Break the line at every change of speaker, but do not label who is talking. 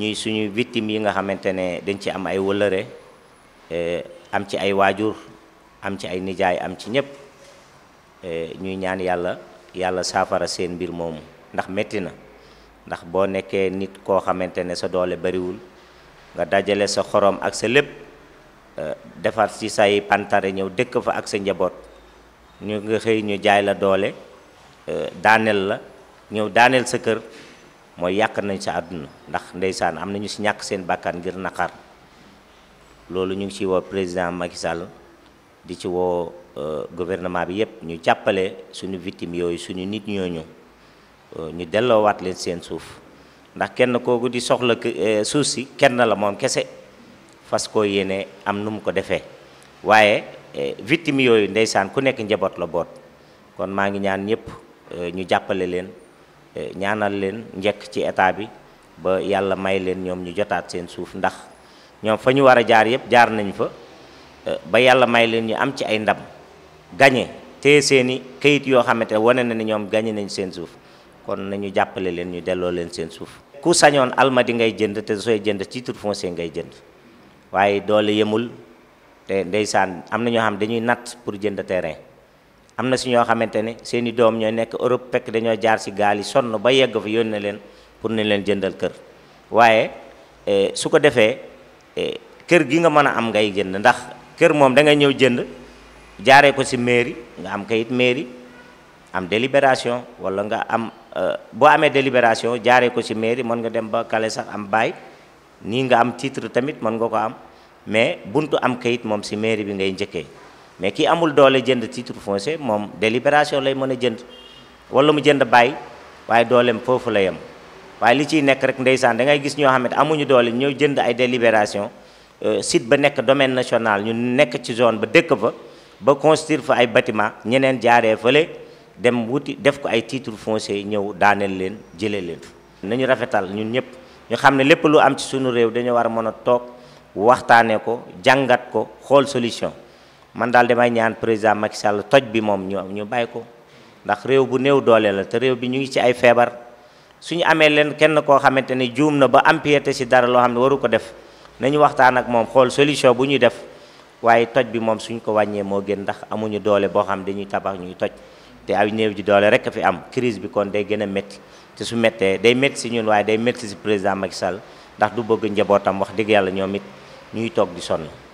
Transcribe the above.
ñuy suñu victimes yi nga xamante ne dañ ci am ay wëllëre eh, am ci ay waajur am ci ay nijaay am ci ñëpp eh, ñuy ñaan yàlla yàlla saafara seen mbir moomu ndax métti na ndax boo nekkee nit koo xamante ne sa doole bariwul nga dajale sa xorom ak sa lépp eh, defar ci say pantare ñëw dëkk fa ak sa njaboot ñu nga xëy ñu jaay la doole daaneel la ñëw daaneel sa kër mooy yàq nañ sa àdduna ndax ndeysaan am nañu si ñàkk seen bàkkaar ngir naqar loolu ñu ngi ci woo président Macky Sall di ci woo euh, gouvernement bi yépp ñu jàppale suñu victime yooyu suñu nit ñooñu euh, ñu delloowaat leen seen suuf ndax kenn kooku di soxla euh, suuf si kenn la moom kese fas koo yéene am nu mu ko defee waaye victime yooyu ndeysaan ku nekk njaboot la boot kon maa ngi ñaan ñëpp ñu jàppale leen Eh, ñaanal leen njekk ci état bi ba yàlla may leen ñoom ñu jotaat seen suuf ndax ñoom fa ñu war a jaar yëpp jaar nañ fa eh, ba yàlla may leen ñu am ci ay ndam gañe te seeni kayit yoo xamante wane na ni ñoom gañe nañ seen suuf kon nañu jàppale leen ñu delloo leen seen suuf ku sañoon almadi ngay jënd te sooy jënd titre foncier ngay jënd waaye doole yemul te ndeysaan am na ñoo xam ne dañuy natt pour jënd terrain am na si ñoo xamante ne seen i doom ñooy nekk Europe fekk dañoo jaar si gaal yi sonn ba yegg fa yónnee leen pour ne leen jëndal kër waaye eh, su ko defee eh, kër gi nga mën a am ngay jënd ndax kër moom da ngay ñëw jënd jaaree ko si mairie nga am kayit mairie am délibération wala nga am eh, boo amee délibération jaaree ko si mairie mën nga dem ba kale sax am baay nii nga am titre tamit mën nga ko am mais buntu am kayit moom si mairie bi ngay njëkkee. mais ki amul doole jënd titre foncier moom délibération lay mën a jënd wala mu jënd bàyyi waaye dooleem foofu la yem waaye li ciy nekk rek ndeysaan da ngay gis ñoo xam ne amuñu doole ñëw jënd ay délibération euh, site ba nekk domaine national ñu nekk ci zone ba dëkk fa ba construire fa ay bâtiment ñeneen jaaree fële dem wuti def ko ay titre foncier ñëw daaneel leen jëlee leen nañu rafetal ñun ñëpp ñu xam ne lépp lu am ci suñu réew dañu war a mën a toog waxtaanee ko jàngat ko xool solution man daal damay ñaan président Macky Sall toj bi moom ñu ñu bàyyi ko ndax réew bu néew doole la te réew bi ñu ngi ci ay feebar su ñu amee leen kenn koo xamante ne juum na ba empiété si dara loo xam ne waru ko def nañu waxtaan ak moom xool solution bu ñuy def waaye toj bi moom suñ ko wàññee moo gën ndax amuñu doole boo xam dañuy tabax ñuy toj te ay néew ji doole rek a fi am crise bi kon day gën a métti te su méttee day métti si ñun waaye day métti si président Macky ndax du bëgg njabootam wax yàlla ñoom it ñuy toog di sonn